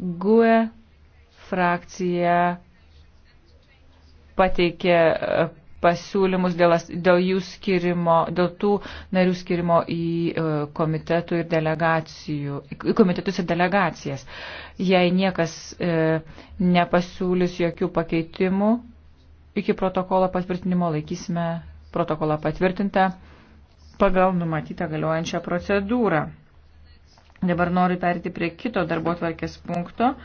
GUE frakcija pateikė e, pasiūlymus dėl, dėl jų skirimo, dėl tų narių skirimo į e, komitetų ir delegacijų, į komitetus ir delegacijas. Jei niekas e, nepasiūlys jokių pakeitimų, iki protokolo patvirtinimo laikysime protokolą patvirtintą pagal numatytą galiojančią procedūrą. Dabar noriu perti prie kito darbo tvarkės punkto.